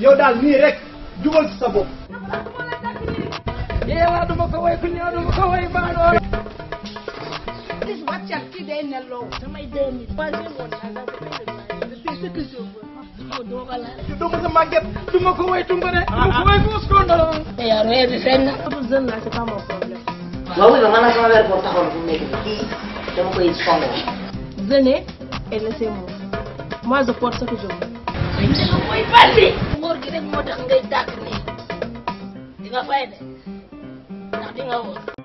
yow daal nii rek jugal ci sa bopp. yéen du ma ko woy ku ñëw du ma ko woy baanoo. gis wàccal ci day nelloo damay deux mille pas de woon naa c'est ce que je veux. du ma sa màgget du ma ko woy tunkare. ah ah du ma ko woy muus kondoro. yaa rëy bi feeñ na. jeune la c'est pas mon problème. waaw oui man la sama weer boo taxoon fu mu nekk kii dama koy songoo. venez et laissez-moi moi je porte ce que je veux. tax ngay dàkk nii di nga fay de ndax di nga